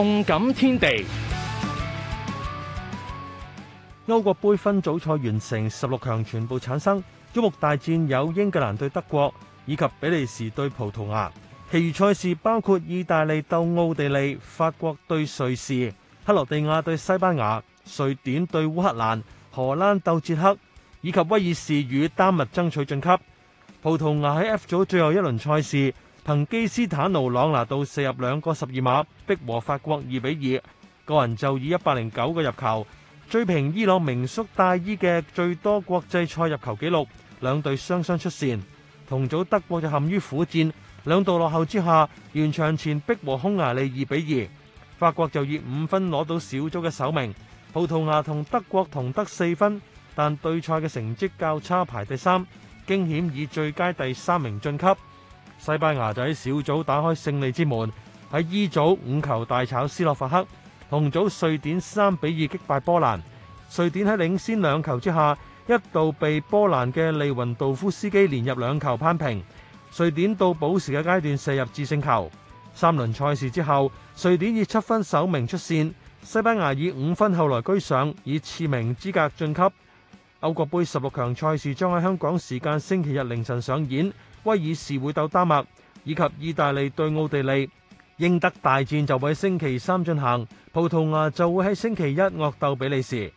動感天地，歐國杯分組賽完成，十六強全部產生，矚目大戰有英格蘭對德國以及比利時對葡萄牙，其餘賽事包括意大利鬥奧地利、法國對瑞士、克羅地亞對西班牙、瑞典對烏克蘭、荷蘭鬥捷克以及威爾士與丹麥爭取晉級。葡萄牙喺 F 組最後一輪賽事。肯基斯坦奴朗拿度射入兩個十二碼，逼和法國二比二，個人就以一百零九個入球，追平伊朗名宿戴伊嘅最多國際賽入球紀錄。兩隊雙雙出線。同組德國就陷於苦戰，兩度落後之下，完場前逼和匈牙利二比二。法國就以五分攞到小組嘅首名。葡萄牙同德國同得四分，但對賽嘅成績較差，排第三，驚險以最佳第三名晉級。西班牙就喺小組打開勝利之門，喺 E 組五球大炒斯洛伐克。同組瑞典三比二擊敗波蘭。瑞典喺領先兩球之下，一度被波蘭嘅利雲道夫斯基連入兩球攀平。瑞典到補時嘅階段射入致勝球。三輪賽事之後，瑞典以七分首名出線。西班牙以五分後來居上，以次名資格晉級歐國杯十六強賽事，將喺香港時間星期日凌晨上演。威爾士會鬥丹麥，以及意大利對奧地利，英德大戰就喺星期三進行，葡萄牙就會喺星期一惡鬥比利時。